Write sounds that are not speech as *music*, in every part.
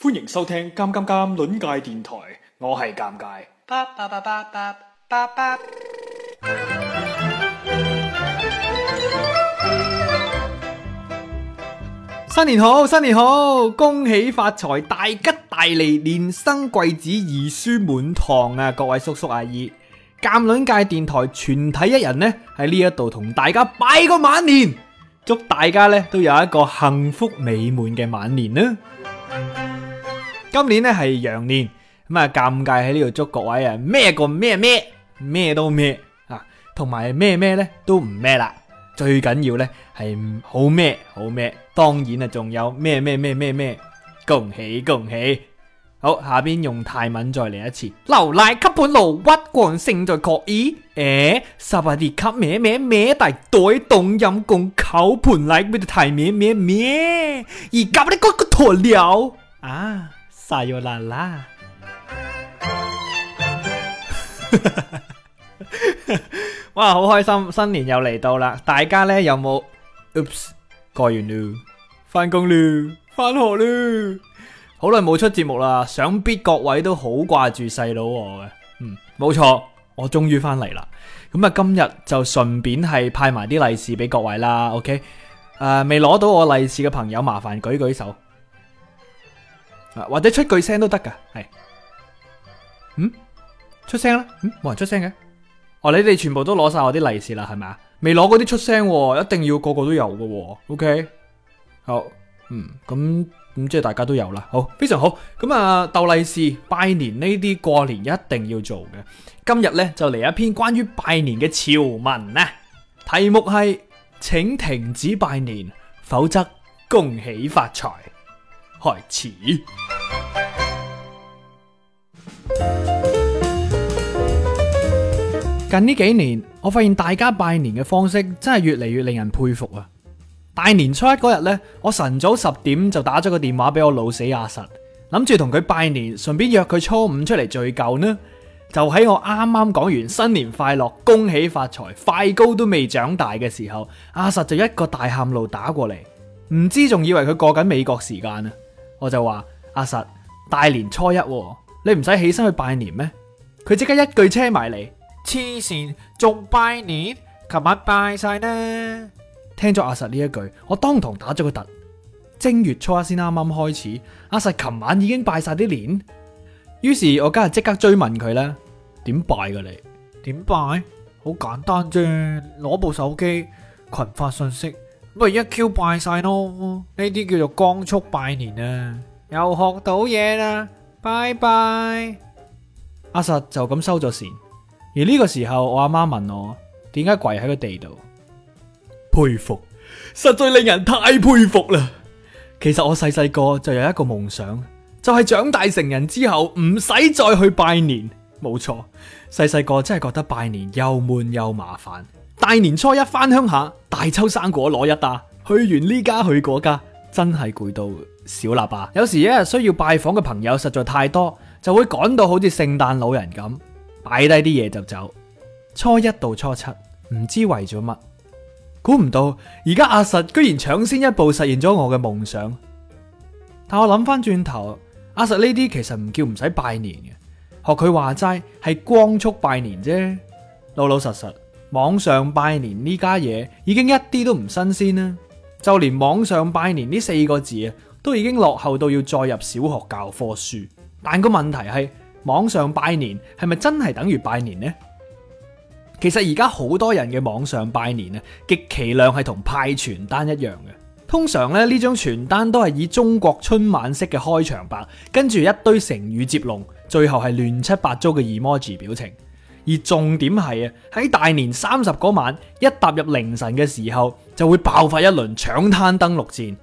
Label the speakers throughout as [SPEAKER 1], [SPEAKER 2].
[SPEAKER 1] 歡迎收聽《尷尷尷》論界電台，我係尷尬。新年好，新年好，恭喜發財，大吉大利，連生貴子，兒書滿堂啊！各位叔叔阿姨，《尷論界電台》全體一人呢喺呢一度同大家拜個晚年，祝大家呢都有一個幸福美滿嘅晚年呢！今年咧係羊年，咁啊尷尬喺呢度祝各位啊咩個咩咩咩都咩啊，同埋咩咩咧都唔咩啦，最緊要咧係好咩好咩，當然啊仲有咩咩咩咩咩，恭喜恭喜！好，下邊用泰文再嚟一次，流奶吸盤路屈光性在擴衣，誒十八級吸咩咩咩大袋動音共口盤嚟俾啲泰咩咩咩，而家你嗰個脫了啊！晒要啦啦，哇，好開心，新年又嚟到啦！大家呢有冇？Oops，、呃、過完啦，翻工啦，翻學啦，好耐冇出節目啦，想必各位都好掛住細佬我嘅。嗯，冇錯，我終於翻嚟啦。咁啊，今日就順便係派埋啲利是俾各位啦。OK，誒、呃，未攞到我利是嘅朋友，麻煩舉舉手。或者出句聲都得噶，係，嗯，出聲啦，嗯，冇人出聲嘅，哦，你哋全部都攞晒我啲利是啦，係咪？未攞嗰啲出聲，哦，一定要個個都有嘅，哦，OK，好，嗯，咁咁即係大家都有啦，好，非常好，咁啊，鬥利是、拜年呢啲過年一定要做嘅，今日呢，就嚟一篇關於拜年嘅潮文呢，題目係請停止拜年，否則恭喜發財，開始。近呢幾年，我發現大家拜年嘅方式真係越嚟越令人佩服啊！大年初一嗰日呢，我晨早十點就打咗個電話俾我老死阿實，諗住同佢拜年，順便約佢初五出嚟聚舊呢。就喺我啱啱講完新年快樂、恭喜發財、快高都未長大嘅時候，阿實就一個大喊路打過嚟，唔知仲以為佢過緊美國時間啊？我就話阿實大年初一喎，你唔使起身去拜年咩？佢即刻一句車埋嚟。黐線，仲拜年？琴晚拜晒啦。聽咗阿實呢一句，我當堂打咗個突。正月初一先啱啱開始，阿實琴晚已經拜晒啲年。於是我今日即刻追問佢咧，點拜噶、啊、你？點拜？好簡單啫，攞部手機群發信息，咁咪一 Q 拜晒咯。呢啲叫做光速拜年啊！又學到嘢啦，拜拜。阿實就咁收咗線。而呢個時候，我阿媽問我點解跪喺個地度，佩服，實在令人太佩服啦。其實我細細個就有一個夢想，就係長大成人之後唔使再去拜年。冇錯，細細個真係覺得拜年又悶又麻煩。大年初一返鄉下，大抽生果攞一打，去完呢家去嗰家，真係攰到小喇叭。有時一日需要拜訪嘅朋友實在太多，就會趕到好似聖誕老人咁。擺低啲嘢就走，初一到初七，唔知為咗乜，估唔到而家阿實居然搶先一步實現咗我嘅夢想。但我諗翻轉頭，阿實呢啲其實唔叫唔使拜年嘅，學佢話齋係光速拜年啫，老老實實網上拜年呢家嘢已經一啲都唔新鮮啦，就連網上拜年呢四個字啊都已經落後到要再入小學教科書，但個問題係。網上拜年係咪真係等於拜年呢？其實而家好多人嘅網上拜年啊，極其量係同派傳單一樣嘅。通常咧呢張傳單都係以中國春晚式嘅開場白，跟住一堆成語接龍，最後係亂七八糟嘅 emoji 表情。而重點係啊，喺大年三十嗰晚，一踏入凌晨嘅時候，就會爆發一輪搶灘登陸戰。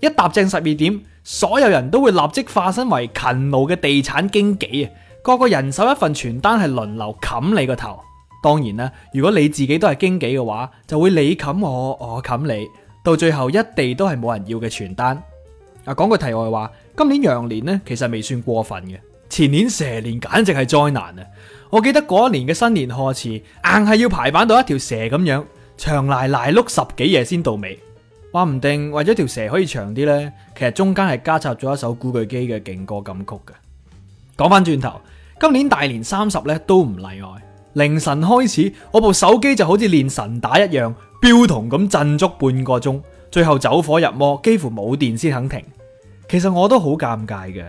[SPEAKER 1] 一踏正十二點，所有人都會立即化身為勤勞嘅地產經紀啊！個個人手一份傳單係輪流冚你個頭，當然啦，如果你自己都係經紀嘅話，就會你冚我，我冚你，到最後一地都係冇人要嘅傳單。啊，講句題外話，今年羊年呢，其實未算過分嘅，前年蛇年簡直係災難啊！我記得嗰一年嘅新年賀詞，硬係要排版到一條蛇咁樣，長賴賴碌十幾夜先到尾，話唔定為咗條蛇可以長啲呢，其實中間係加插咗一首古巨基嘅勁歌金曲嘅。講翻轉頭，今年大年三十咧都唔例外。凌晨開始，我部手機就好似練神打一樣，標同咁震足半個鐘，最後走火入魔，幾乎冇電先肯停。其實我都好尷尬嘅，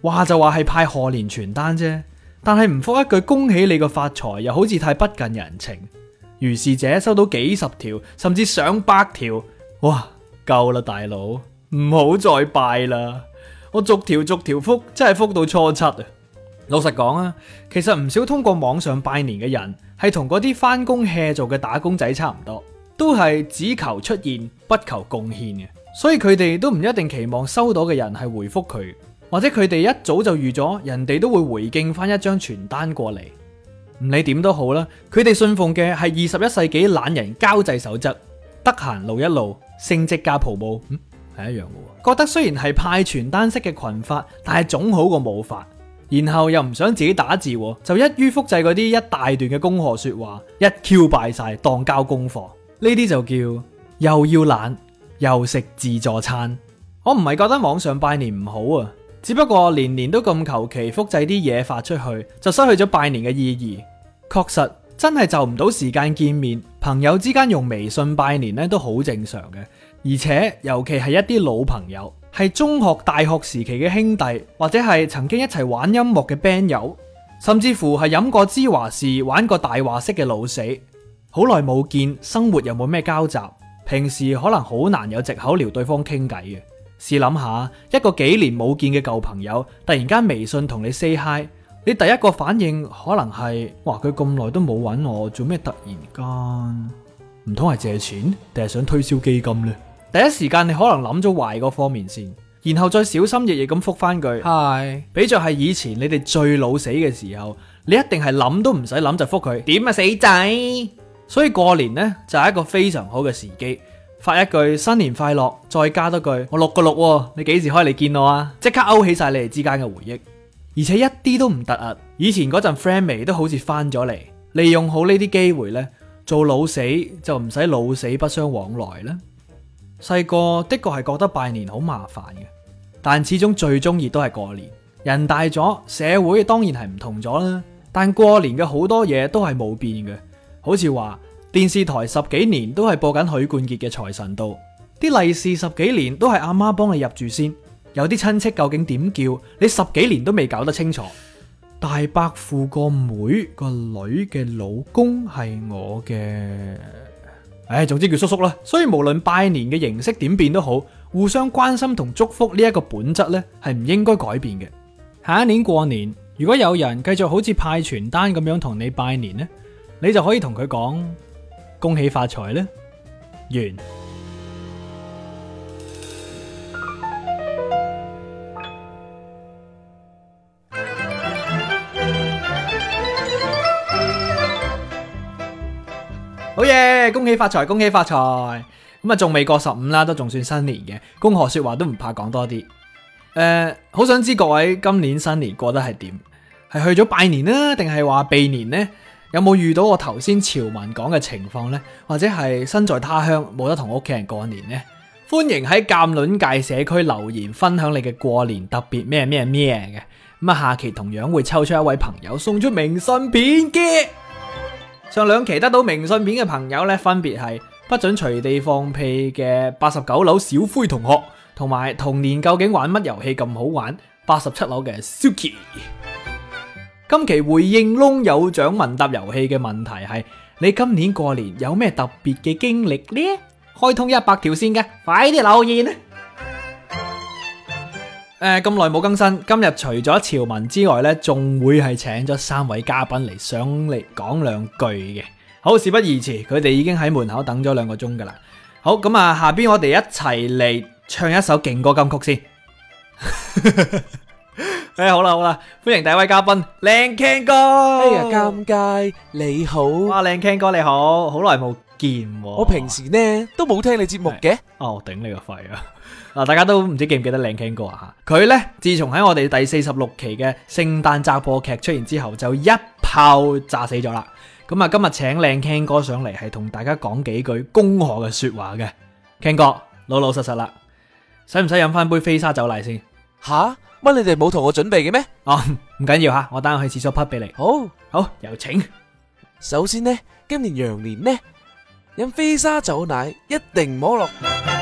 [SPEAKER 1] 話就話係派賀年傳單啫，但係唔覆一句恭喜你個發財，又好似太不近人情。如是者收到幾十條，甚至上百條，哇！夠啦，大佬，唔好再拜啦，我逐條逐條覆，真係覆到初七老實講啊，其實唔少通過網上拜年嘅人係同嗰啲翻工 hea 做嘅打工仔差唔多，都係只求出現不求貢獻嘅，所以佢哋都唔一定期望收到嘅人係回復佢，或者佢哋一早就預咗人哋都會回敬翻一張傳單過嚟，唔理點都好啦。佢哋信奉嘅係二十一世紀懶人交際守則，得閒露一露，升職加 promo，嗯係一樣嘅。覺得雖然係派傳單式嘅群發，但係總好過冇發。然後又唔想自己打字，就一於複製嗰啲一大段嘅功課說話，一 Q 拜晒當交功課。呢啲就叫又要懶又食自助餐。我唔係覺得網上拜年唔好啊，只不過年年都咁求其複製啲嘢發出去，就失去咗拜年嘅意義。確實真係就唔到時間見面，朋友之間用微信拜年咧都好正常嘅，而且尤其係一啲老朋友。係中學、大學時期嘅兄弟，或者係曾經一齊玩音樂嘅 band 友，甚至乎係飲過芝華士、玩過大話式嘅老死，好耐冇見，生活又冇咩交集，平時可能好難有藉口撩對方傾偈嘅。試諗下，一個幾年冇見嘅舊朋友，突然間微信同你 say hi，你第一個反應可能係話佢咁耐都冇揾我，做咩突然間？唔通係借錢，定係想推銷基金呢？」第一時間你可能諗咗壞個方面先，然後再小心翼翼咁覆翻句嗨，比着係以前你哋最老死嘅時候，你一定係諗都唔使諗就覆佢點啊，死仔。所以過年呢，就係一個非常好嘅時機，發一句新年快樂，再加多句我六個六哦，你幾時可以嚟見我啊？即刻勾起晒你哋之間嘅回憶，而且一啲都唔突兀呀。以前嗰陣 friend 都好似翻咗嚟，利用好呢啲機會呢，做老死就唔使老死不相往來啦。細個的確係覺得拜年好麻煩嘅，但始終最中意都係過年。人大咗，社會當然係唔同咗啦。但過年嘅好多嘢都係冇變嘅，好似話電視台十幾年都係播緊許冠傑嘅《財神到》，啲利是十幾年都係阿媽幫你入住先。有啲親戚究竟點叫？你十幾年都未搞得清楚。大伯父個妹，個女嘅老公係我嘅。唉、哎，總之叫叔叔啦。所以無論拜年嘅形式點變都好，互相關心同祝福呢一個本質呢，係唔應該改變嘅。下一年過年，如果有人繼續好似派傳單咁樣同你拜年呢，你就可以同佢講恭喜發財呢！完。好耶！恭喜發財，恭喜發財。咁啊，仲未過十五啦，都仲算新年嘅。恭賀説話都唔怕講多啲。誒、呃，好想知各位今年新年過得係點？係去咗拜年啦，定係話避年呢？有冇遇到我頭先潮文講嘅情況呢？或者係身在他鄉冇得同屋企人過年呢？歡迎喺鑑論界社區留言分享你嘅過年特別咩咩咩嘅。咁啊，下期同樣會抽出一位朋友送出明信片嘅。上兩期得到明信片嘅朋友咧，分別係不准隨地放屁嘅八十九樓小灰同學，同埋童年究竟玩乜遊戲咁好玩？八十七樓嘅 Suki。今期回應窿有獎問答遊戲嘅問題係：你今年過年有咩特別嘅經歷呢？開通一百條線嘅，快啲留言啊！誒，咁耐冇更新，今日除咗潮文之外呢，仲會係請咗三位嘉賓嚟上嚟講兩句嘅。好，事不宜遲，佢哋已經喺門口等咗兩個鐘噶啦。好，咁啊，下邊我哋一齊嚟唱一首勁歌金曲先。誒，好啦好啦，歡迎第一位嘉賓，靚 Ken 哥。哎呀，尷尬，你好。啊，靚 Ken 哥你好，好耐冇見喎。我平時呢都冇聽你節目嘅。啊，我頂你個肺啊！嗱，大家都唔知記唔記得靚 k 哥啊吓，佢呢，自從喺我哋第四十六期嘅聖誕炸破劇出現之後，就一炮炸死咗啦。咁啊，今日請靚 k 哥上嚟係同大家講幾句恭賀嘅說話嘅。k 哥老老實實啦，使唔使飲翻杯飛砂走奶先？吓、啊，乜你哋冇同我準備嘅咩？哦，唔緊要吓，我等下去廁所潑俾你。好、哦，好，有請。首先呢，今年羊年呢，飲飛砂走奶一定唔好落。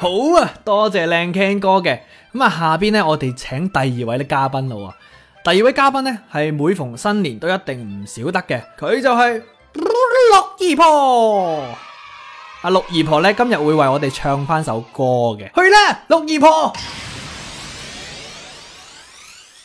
[SPEAKER 1] 好啊，多謝靚 k 歌嘅。咁啊，下邊呢，我哋請第二位嘅嘉賓啦，第二位嘉賓呢，係每逢新年都一定唔少得嘅，佢就係六姨婆。阿六姨婆呢，今日會為我哋唱翻首歌嘅。去啦，六姨婆。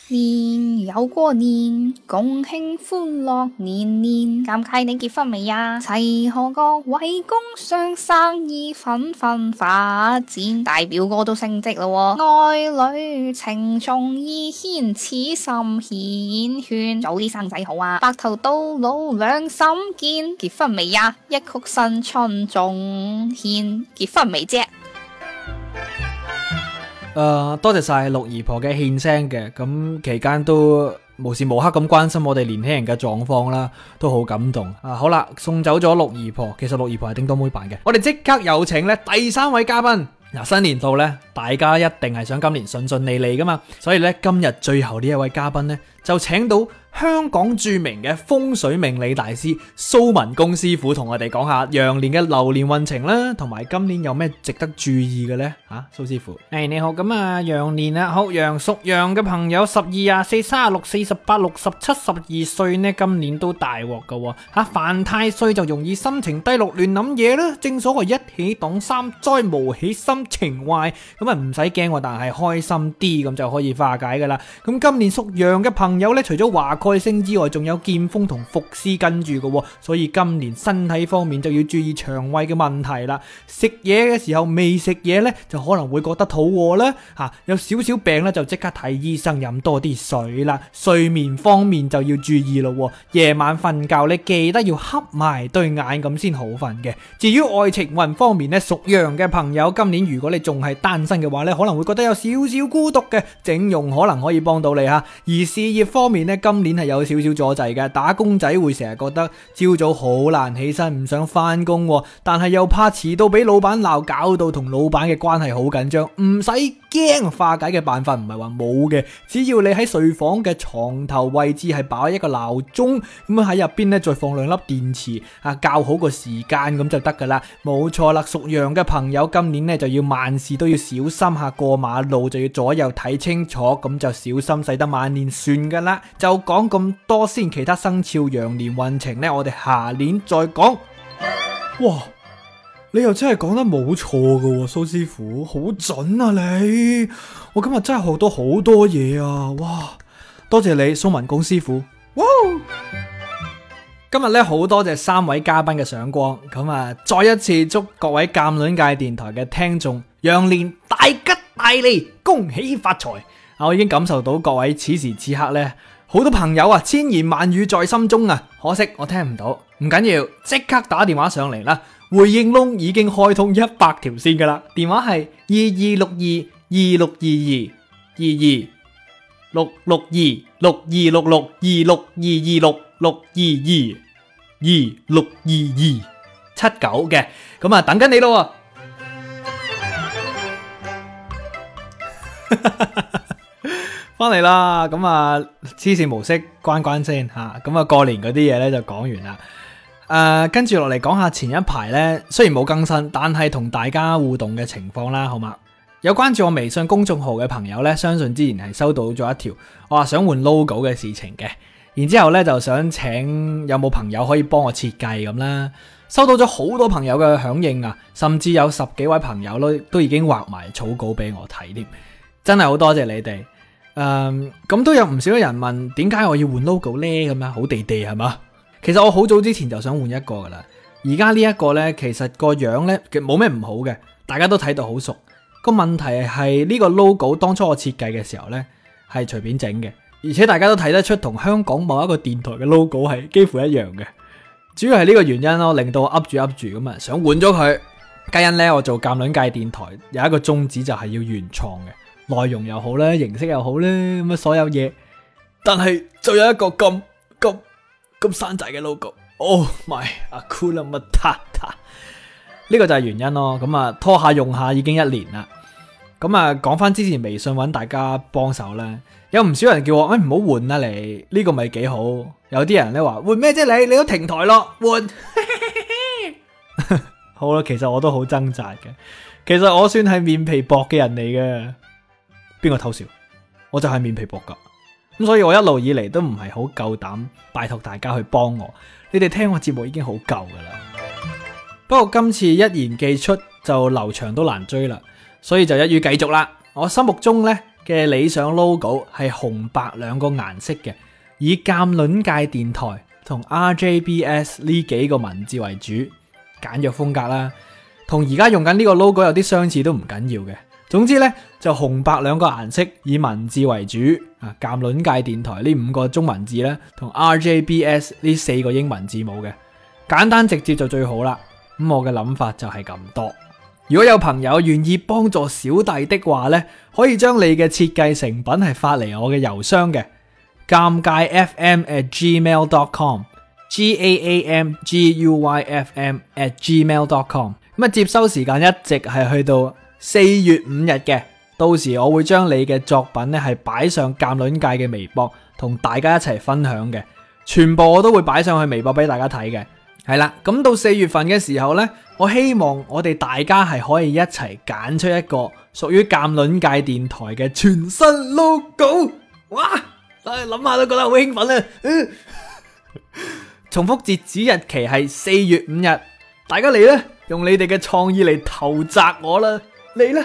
[SPEAKER 1] 年有過年，共慶歡樂年年。尷尬，你結婚未呀？齊賀各位工商生意紛紛發展，大表哥都升職了喎。愛侶情重意牽，此心顯勸，早啲生仔好啊！白頭到老兩心堅。結婚未呀？一曲新春仲獻，結婚未啫？嗯誒、呃，多謝晒六姨婆嘅獻聲嘅，咁期間都無時無刻咁關心我哋年輕人嘅狀況啦，都好感動啊！好啦，送走咗六姨婆，其實六姨婆係叮當妹扮嘅，我哋即刻有請咧第三位嘉賓。嗱、啊，新年到咧，大家一定係想今年順順利利噶嘛，所以咧今日最後呢一位嘉賓咧就請到。香港著名嘅風水命理大師蘇文公師傅同我哋講下羊年嘅流年運程啦，同埋今年有咩值得注意嘅呢？吓、啊，蘇師傅，誒、哎，你好，咁啊，羊年啦、啊，好羊，屬羊嘅朋友十二廿四三十六四十八六十七十二歲呢，今年都大鑊噶，吓，犯太歲就容易心情低落，亂諗嘢啦。正所謂一起擋三災，無喜心情壞，咁啊唔使驚，但係開心啲咁就可以化解噶啦。咁今年屬羊嘅朋友呢，除咗話。蓋星之外，仲有劍鋒同伏屍跟住嘅。哦，所以今年身體方面就要注意腸胃嘅問題啦。食嘢嘅時候未食嘢呢，就可能會覺得肚餓啦。吓、啊，有少少病呢，就即刻睇醫生，飲多啲水啦。睡眠方面就要注意咯，夜晚瞓覺咧，記得要瞌埋對眼咁先好瞓嘅。至於愛情運方面呢，屬羊嘅朋友，今年如果你仲係單身嘅話呢，可能會覺得有少少孤獨嘅，整容可能可以幫到你吓。而事業方面呢，今年係有少少阻滯嘅，打工仔會成日覺得朝早好難起身，唔想返工，但係又怕遲到俾老闆鬧，搞到同老闆嘅關係好緊張，唔使。驚，化解嘅辦法唔係話冇嘅，只要你喺睡房嘅床頭位置係擺一個鬧鐘，咁樣喺入邊呢再放兩粒電池，啊校好個時間咁就得噶啦冇錯啦。屬羊嘅朋友今年呢就要萬事都要小心下，過馬路就要左右睇清楚，咁就小心使得萬年船噶啦就講咁多先，其他生肖羊年運程呢，我哋下年再講。哇！你又真係講得冇錯噶，蘇師傅好準啊你！你我今日真係學到好多嘢啊！哇，多謝你蘇文公師傅。哇哦、今日咧好多謝三位嘉賓嘅賞光，咁啊，再一次祝各位鑒論界電台嘅聽眾羊年大吉大利，恭喜發財！啊，我已經感受到各位此時此刻呢，好多朋友啊千言萬語在心中啊，可惜我聽唔到，唔緊要，即刻打電話上嚟啦！回應窿已經開通一百條線噶啦，電話係二二六二二六二二二二六六二六二六六二六二二六六二二二六二二七九嘅，咁啊等緊你咯，翻嚟啦，咁啊黐線模式關關先吓，咁啊過年嗰啲嘢咧就講完啦。誒、呃，跟住落嚟講下前一排咧，雖然冇更新，但係同大家互動嘅情況啦，好嘛？有關注我微信公眾號嘅朋友咧，相信之前係收到咗一條，我話想換 logo 嘅事情嘅，然之後咧就想請有冇朋友可以幫我設計咁啦？收到咗好多朋友嘅響應啊，甚至有十幾位朋友都都已經畫埋草稿俾我睇添，真係好多謝你哋。誒、呃，咁都有唔少人問點解我要換 logo 呢？咁呀，好地地係嘛？其實我好早之前就想換一個噶啦，而家呢一個呢，其實個樣呢，其實冇咩唔好嘅，大家都睇到好熟。個問題係呢個 logo 當初我設計嘅時候呢，係隨便整嘅，而且大家都睇得出同香港某一個電台嘅 logo 係幾乎一樣嘅。主要係呢個原因咯，令到我噏住噏住咁啊，想換咗佢。皆因呢，我做鑑兩界電台有一個宗旨就係要原創嘅內容又好啦，形式又好啦，咁所有嘢，但係就有一個咁咁。咁山寨嘅 logo，Oh my，阿 Cooler 乜塔塔，呢個就係原因咯。咁啊，拖下用下已經一年啦。咁啊，講翻之前微信揾大家幫手呢，有唔少人叫我，哎唔好換啦你，呢個咪幾好。有啲人咧話換咩啫你，你都停台咯換。 *laughs* 好啦，其實我都好掙扎嘅。其實我算係面皮薄嘅人嚟嘅。邊個偷笑？我就係面皮薄噶。咁所以我一路以嚟都唔係好夠膽拜託大家去幫我，你哋聽我節目已經好夠噶啦。不過今次一言既出就劉翔都難追啦，所以就一於繼續啦。我心目中呢嘅理想 logo 係紅白兩個顏色嘅，以鑑論界電台同 RJBS 呢幾個文字為主，簡約風格啦，同而家用緊呢個 logo 有啲相似都唔緊要嘅。總之呢，就紅白兩個顏色，以文字為主。啊！鑑論界電台呢五個中文字咧，同 RJBS 呢四個英文字母嘅簡單直接就最好啦。咁我嘅諗法就係咁多。如果有朋友願意幫助小弟的話呢，可以將你嘅設計成品係發嚟我嘅郵箱嘅，鑑界 FM at gmail dot com，G A A M G U Y F M at gmail dot com。咁啊，接收時間一直係去到四月五日嘅。到時我會將你嘅作品咧係擺上鑑卵界嘅微博，同大家一齊分享嘅，全部我都會擺上去微博俾大家睇嘅。係啦，咁到四月份嘅時候呢，我希望我哋大家係可以一齊揀出一個屬於鑑卵界電台嘅全新 logo。哇！諗下都覺得好興奮啊！ *laughs* 重複截止日期係四月五日，大家嚟啦，用你哋嘅創意嚟投擲我啦，嚟啦！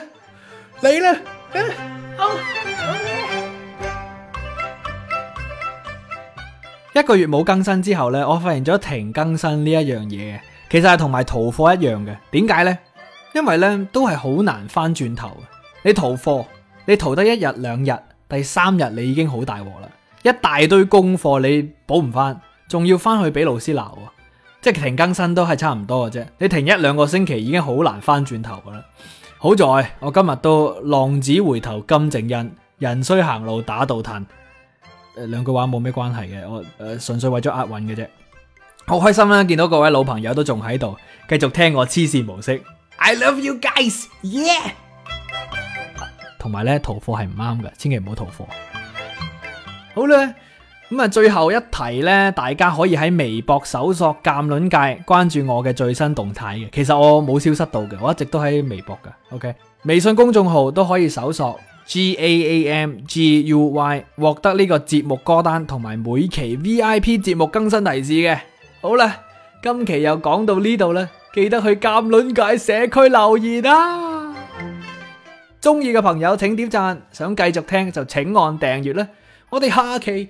[SPEAKER 1] 你咧，一個月冇更新之後呢，我發現咗停更新呢一樣嘢，其實係同埋逃課一樣嘅。點解呢？因為呢都係好難翻轉頭的。你逃課，你逃得一日兩日，第三日你已經好大鑊啦，一大堆功課你補唔翻，仲要翻去俾老師鬧。即係停更新都係差唔多嘅啫。你停一兩個星期已經好難翻轉頭噶啦。好在我今日都浪子回頭金正恩，人衰行路打道氹。誒、呃、兩句話冇咩關係嘅，我誒、呃、純粹為咗押韻嘅啫。好開心啦、啊，見到各位老朋友都仲喺度，繼續聽我黐線模式。I love you guys，yeah。同埋咧，逃課係唔啱嘅，千祈唔好逃課。好啦。咁啊，最後一題呢，大家可以喺微博搜索鑑論界，關注我嘅最新動態嘅。其實我冇消失到嘅，我一直都喺微博噶。OK，微信公眾號都可以搜索 G A A M G U Y，獲得呢個節目歌單同埋每期 V I P 節目更新提示嘅。好啦，今期又講到呢度啦，記得去鑑論界社區留言啦、啊。中意嘅朋友請點贊，想繼續聽就請按訂閱啦。我哋下期。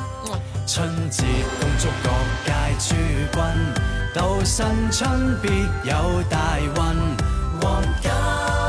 [SPEAKER 2] 春節恭祝各界諸君，到新春必有大運，黃金。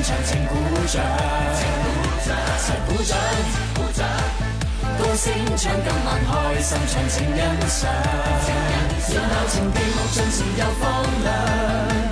[SPEAKER 2] 盡情鼓掌，盡情鼓掌，高聲唱，今晚開心，盡情欣賞，熱鬧情調，寄盡情又放量。